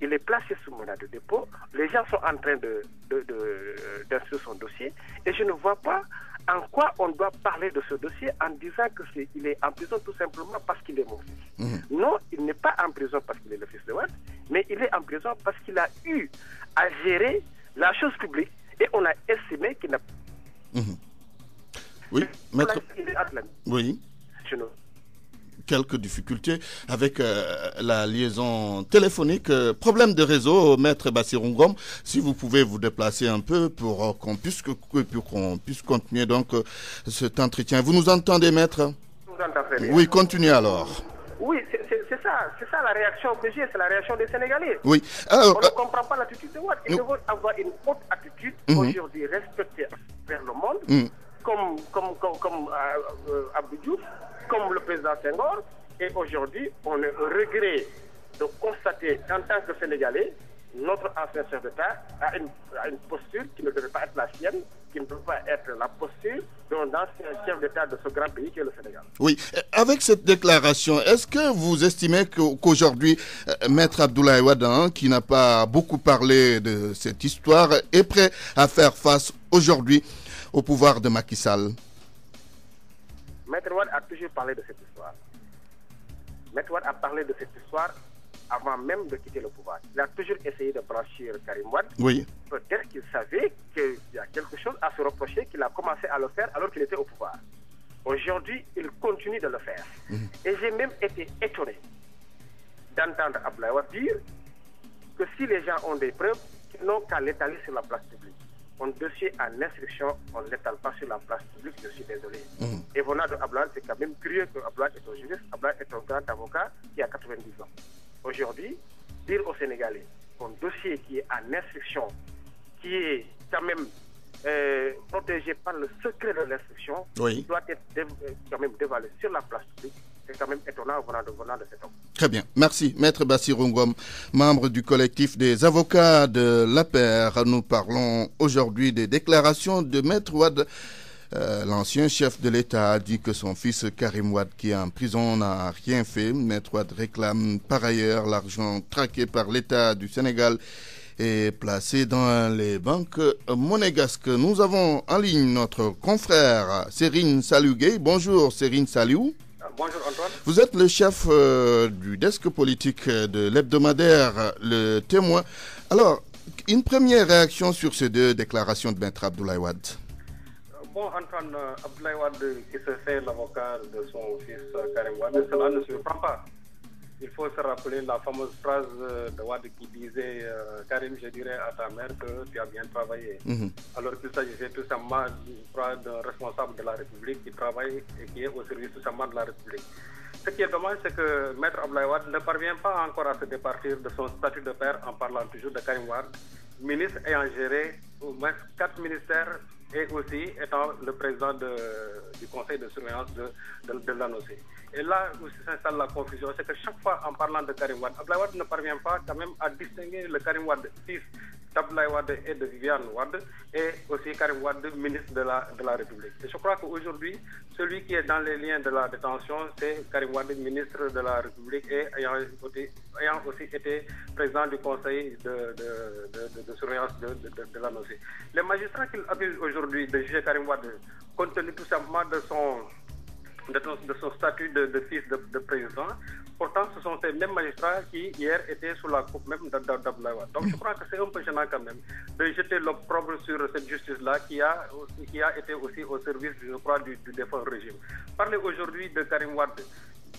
il est placé sous mandat de dépôt, les gens sont en train de, euh, d'instruire son dossier, et je ne vois pas en quoi on doit parler de ce dossier en disant qu'il est, il est en prison tout simplement parce qu'il est mon fils. Mhm. Non, il n'est pas en prison parce qu'il est le fils de Watt, mais il est en prison parce qu'il a eu à gérer la chose publique et on a estimé qu'il n'a mhm. pas. Oui, maître. Oui. Je ne quelques difficultés avec euh, la liaison téléphonique. Euh, problème de réseau, maître Bassirungom, si vous pouvez vous déplacer un peu pour euh, qu'on puisse, continuer donc cet entretien. Vous nous entendez, maître Oui, continuez alors. Oui, c'est ça, c'est ça la réaction que j'ai, c'est la réaction des Sénégalais. Oui. On ne comprend pas l'attitude de Watt. Ils nous... avoir une haute attitude mhm. aujourd'hui respectée vers le monde, mhm. comme, comme, comme, comme le président Senghor. Et aujourd'hui, on est regret de constater qu'en tant que Sénégalais, notre ancien chef d'État a une, posture qui ne devrait pas être la sienne, qui ne devrait pas être la posture d'un ancien chef d'État de ce grand pays qui est le Sénégal. Oui, euh, avec cette déclaration, est-ce que vous estimez qu'aujourd'hui, euh, Maître Abdoulaye Wadan, hein, qui n'a pas beaucoup parlé de cette histoire, est prêt à faire face aujourd'hui au pouvoir de Macky Sall Maître Wad a toujours parlé de cette histoire. Maître Wad a parlé de cette histoire avant même de quitter le pouvoir. Il a toujours essayé de blanchir Karim Wad. Oui. Peut-être qu'il savait qu'il y a quelque chose à se reprocher, qu'il a commencé à le faire alors qu'il était au pouvoir. Aujourd'hui, il continue de le faire. Mhm. Et j'ai même été étonné d'entendre Ablaïwa dire que si les gens ont des preuves, ils n'ont qu'à l'étaler sur la place publique un dossier en instruction, on ne l'étale pas sur la place publique, je suis désolé. Mhm. Et voilà de Ablan, c'est quand même curieux que Ablan est un juriste, Ablan est un grand avocat qui a 90 ans. Aujourd'hui, dire aux Sénégalais qu'un dossier qui est en instruction, qui est quand même euh, protégé par le secret de l'instruction, doit être euh, quand même dévalé sur la place publique c'est quand même étonnant de, cet homme. Très bien. Merci. Maître Bassirungom, membre du collectif des avocats de la e Nous parlons aujourd'hui des déclarations de Maître Wad. Euh, l'ancien chef de l'État a dit que son fils Karim Wad, qui est en prison, n'a rien fait. Maître Wad réclame par ailleurs l'argent traqué par l'État du Sénégal et placé dans les banques monégasques. Nous avons en ligne notre confrère Sérine Salugay. Bonjour Sérine Salou. Bonjour Antoine. Vous êtes le chef euh, du desk politique euh, de l'hebdomadaire euh, Le Témoin. Alors, une première réaction sur ces deux déclarations de Maître Abdoulaye Wad. Bon, Antoine, Abdoulaye Wad qui se fait l'avocat de son fils Karim Wad, cela ne se prend pas il faut se rappeler la fameuse phrase de Wad qui disait euh, Karim, je dirais à ta mère que tu as bien travaillé. Mhm. Alors qu'il s'agissait tout simplement d'un responsable de la République qui travaille et qui est au service tout simplement de la République. Ce qui est dommage, c'est que Maître Ablaï ne parvient pas encore à se départir de son statut de père en parlant toujours de Karim Wad, ministre ayant géré au moins quatre ministères et aussi étant le président de, du conseil de surveillance de, de, Et là où s'installe la confusion, c'est que chaque fois en parlant de Karim Wad, Abdelawad ne parvient pas quand même à distinguer le Karim Wad 6 Tablaï Wade et de Viviane Wade et aussi Karim Wade, ministre de la, de la République. Et je crois qu'aujourd'hui, celui qui est dans les liens de la détention, c'est Karim Wade, ministre de la République et ayant, aussi été président du conseil de, surveillance de, de, la Les magistrats qu'il accuse aujourd'hui de juger Karim Wade, compte tenu tout simplement de son de, son statut de, fils de, de, président. Pourtant, ce sont ces mêmes magistrats qui, hier, étaient sous la coupe même d'Ablaïwa. Donc, je crois que c'est un peu gênant quand même de jeter l'opprobre sur cette justice-là qui a, qui a été aussi au service, je crois, du, du défunt régime. Parler aujourd'hui de Karim Ward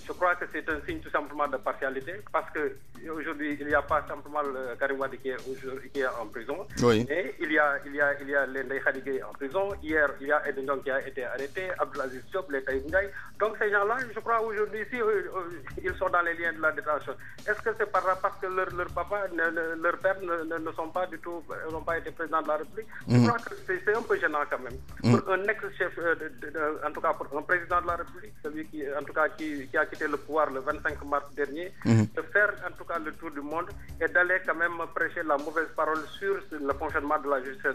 je crois que c'est un signe tout simplement de partialité parce que aujourd'hui il n'y a pas simplement le Karim qui qui est en prison, oui. mais il y a il y a il y a en prison. Hier il y a Edendon qui a été arrêté, Abdelaziz Diop, les Taïmgaï. Donc ces gens-là, je crois aujourd'hui s'ils euh, euh, ils sont dans les liens de la détention. Est-ce que c'est par parce que leur, leur papa, leur père ne, sont pas du tout euh, n'ont pas été président de la République Je mhm. crois que c'est un peu gênant quand même mhm. pour un ex-chef, en tout cas pour un président de la République, celui qui en tout cas qui, qui a était le pouvoir le 25 mars dernier, mhm. de faire en tout cas le tour du monde et d'aller quand même prêcher la mauvaise parole sur le fonctionnement de la justice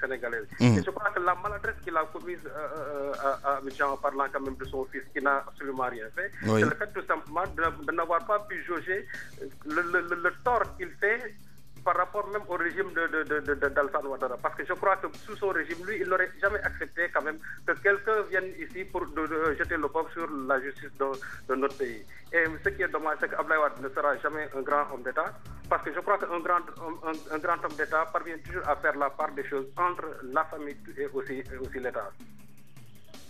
sénégalaise. Mhm. Et je crois que la maladresse qu'il a commise euh, euh, euh, à, en parlant quand même de son fils qui n'a absolument rien fait, c'est le fait tout simplement de, n'avoir pas pu jauger le tort qu'il fait par rapport même au régime de, de, de, Parce que je crois que sous son régime, lui, il n'aurait jamais accepté quand même que quelqu'un vienne ici pour jeter le peuple sur la justice de, notre pays. Et ce qui est dommage, c'est qu'Ablaï ne sera jamais un grand homme d'État. Parce que je crois qu'un grand, un, grand homme d'État parvient toujours à faire la part des choses entre la famille et aussi, et aussi l'État.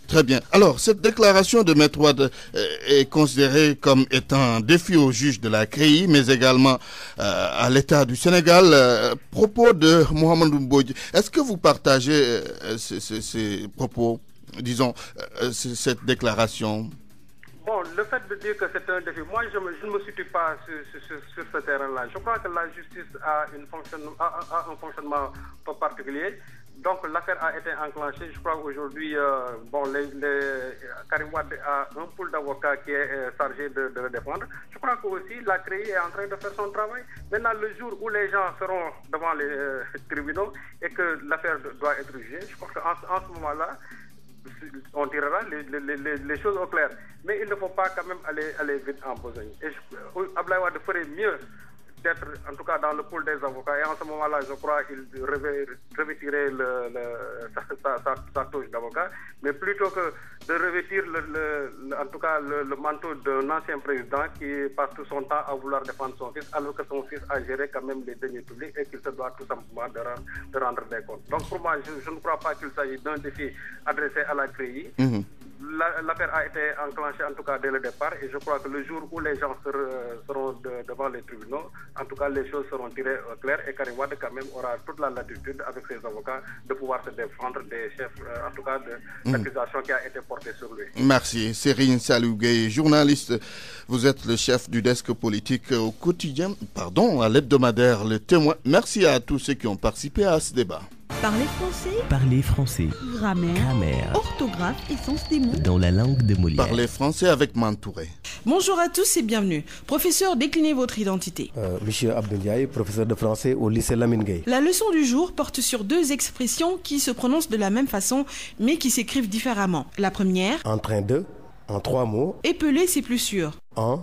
Très bien. Alors, cette déclaration de Maître euh, est considérée comme étant un défi au juge de la CRI, mais également euh, à l'État du Sénégal. Euh, propos de Mohamed Mbodj, est-ce que vous partagez ces, propos, disons, cette déclaration Bon, le fait de dire que c'est un défi, moi je, ne me situe pas sur, ce terrain-là. Je crois que la justice a un fonctionnement particulier. Donc l'affaire a été enclenchée. Je crois qu'aujourd'hui, euh, bon, Karim Wad a un pool d'avocats qui est euh, chargé de, le défendre. Je crois qu'aussi la CRI est en train de faire son travail. Maintenant, le jour où les gens seront devant les euh, tribunaux et que l'affaire doit être jugée, je crois qu'en ce moment-là, on tirera les, choses au clair. Mais il ne faut pas quand même aller, aller vite en besogne. Et Ablaï Wad ferait mieux en tout cas dans le pool des avocats. Et en ce moment-là, je crois qu'il revêtirait le, sa, touche d'avocat. Mais plutôt que de revêtir le, en tout cas le, manteau d'un ancien président qui passe tout son temps à vouloir défendre son fils, alors que son fils a géré quand même les deniers publics et qu'il se doit tout simplement de, rendre, des comptes. Donc pour moi, je, ne crois pas qu'il s'agit d'un défi adressé à la CRI. Mm-hmm l'affaire a été enclenchée en tout cas dès le départ et je crois que le jour où les gens euh, seront devant les tribunaux, en tout cas les choses seront tirées claires et Karim Wade quand même aura toute la latitude avec ses avocats de pouvoir se défendre des chefs, euh, en tout cas de mm. l'accusation qui a été portée sur lui. Merci. Sérine Salougué, journaliste, vous êtes le chef du desk politique au quotidien, pardon, à l'hebdomadaire, le témoin. Merci à tous ceux qui ont participé à ce débat. Parler français. Parler français. Grammaire. Orthographe et sens des mots. Dans la langue de Molière. Parler français avec Mantouré. Bonjour à tous et bienvenue. Professeur, déclinez votre identité. Euh, Monsieur professeur de français au lycée Lamine La leçon du jour porte sur deux expressions qui se prononcent de la même façon mais qui s'écrivent différemment. La première. En train de, en trois mots. Épeler, c'est plus sûr. En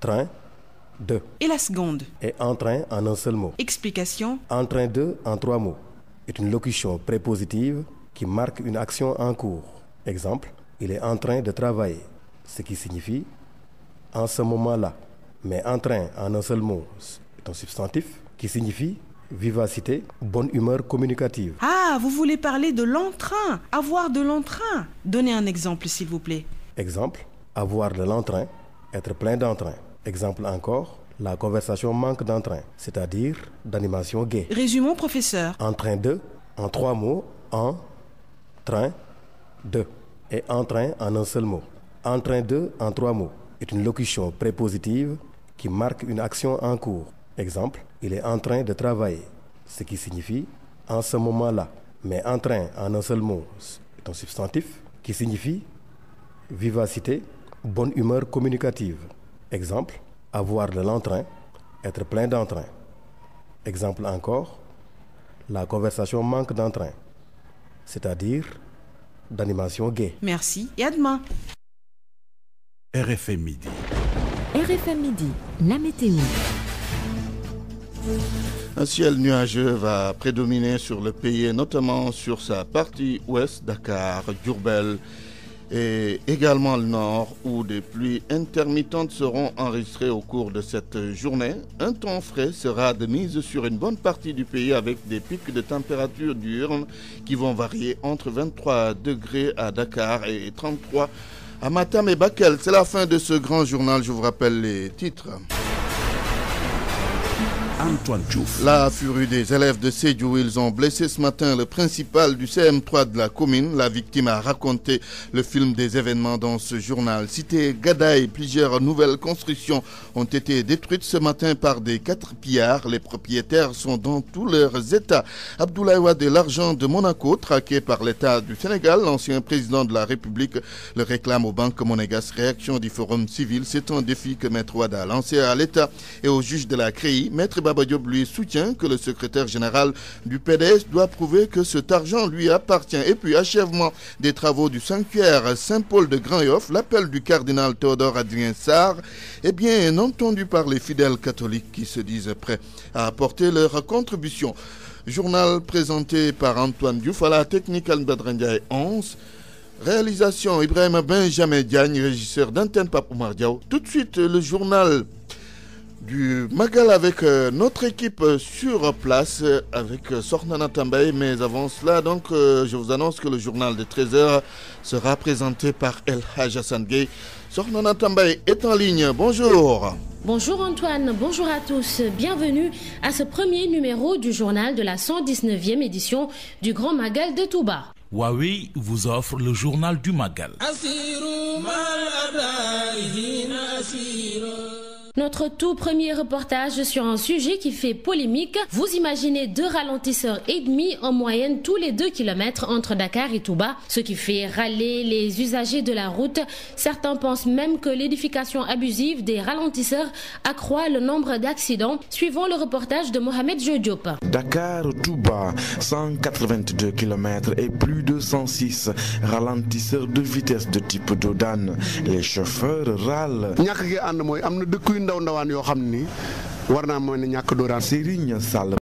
train de. Et la seconde. Et en train en un seul mot. Explication. En train de, en trois mots est une locution prépositive qui marque une action en cours. Exemple, il est en train de travailler, ce qui signifie en ce moment-là. Mais en train, en un seul mot, est un substantif qui signifie vivacité, bonne humeur communicative. Ah, vous voulez parler de l'entrain, avoir de l'entrain. Donnez un exemple, s'il vous plaît. Exemple, avoir de l'entrain, être plein d'entrain. Exemple encore, la conversation manque d'entrain, c'est-à-dire d'animation gay. Résumons, professeur. En train de, en trois mots, en train de et en train en un seul mot. En train de en trois mots est une locution prépositive qui marque une action en cours. Exemple, il est en train de travailler, ce qui signifie en ce moment-là. Mais en train en un seul mot est un substantif qui signifie vivacité, bonne humeur communicative. Exemple, avoir de l'entrain, être plein d'entrain. Exemple encore, la conversation manque d'entrain, c'est-à-dire d'animation gay. Merci et à demain. RFM Midi. RFM Midi, la météo. Un ciel nuageux va prédominer sur le pays, notamment sur sa partie ouest, Dakar, Durbel et également le nord où des pluies intermittentes seront enregistrées au cours de cette journée. Un temps frais sera de sur une bonne partie du pays avec des pics de température diurne qui vont varier entre 23 degrés à Dakar et 33 à Matam et Bakel. C'est la fin de ce grand journal, je vous rappelle les titres. Antoine La furie des élèves de Sédiou, ils ont blessé ce matin le principal du CM3 de la commune. La victime a raconté le film des événements dans ce journal. Cité Gadaï, plusieurs nouvelles constructions ont été détruites ce matin par des quatre pillards. Les propriétaires sont dans tous leurs états. Abdoulaye Wade l'argent de Monaco, traqué par l'État du Sénégal, l'ancien président de la République, le réclame aux banques monégasques. Réaction du Forum civil, c'est un défi que Maître Wade a lancé à l'État et au juge de la CRI. Maître Baba lui soutient que le secrétaire général du PDS doit prouver que cet argent lui appartient. Et puis, achèvement des travaux du sanctuaire Saint-Paul de grand l'appel du cardinal Théodore Adrien Sarr est bien entendu par les fidèles catholiques qui se disent prêts à apporter leur contribution. Journal présenté par Antoine Diouf à la technique et 11. Réalisation Ibrahim Benjamin Diagne, régisseur d'antenne Papoumar Tout de suite, le journal du Magal avec euh, notre équipe euh, sur place euh, avec Sornana Tambay. Mais avant cela, donc, je vous annonce que le journal des 13h sera présenté par El Haj Hassan Sornana Tambaye est en ligne. Bonjour. Bonjour Antoine, bonjour à tous. Bienvenue à ce premier numéro du journal de la 119e édition du Grand Magal de Touba. Huawei vous offre le journal du Magal. Notre tout premier reportage sur un sujet qui fait polémique. Vous imaginez deux ralentisseurs et demi en moyenne tous les deux kilomètres entre Dakar et Touba, ce qui fait râler les usagers de la route. Certains pensent même que l'édification abusive des ralentisseurs accroît le nombre d'accidents. suivant le reportage de Mohamed Jodiop. Dakar, Touba, 182 km et plus de 106 ralentisseurs de vitesse de type Dodane. Les chauffeurs râlent. ndaw ndawaan yoo xam ni war naa mën a ñàkk dooraan Serigne Sall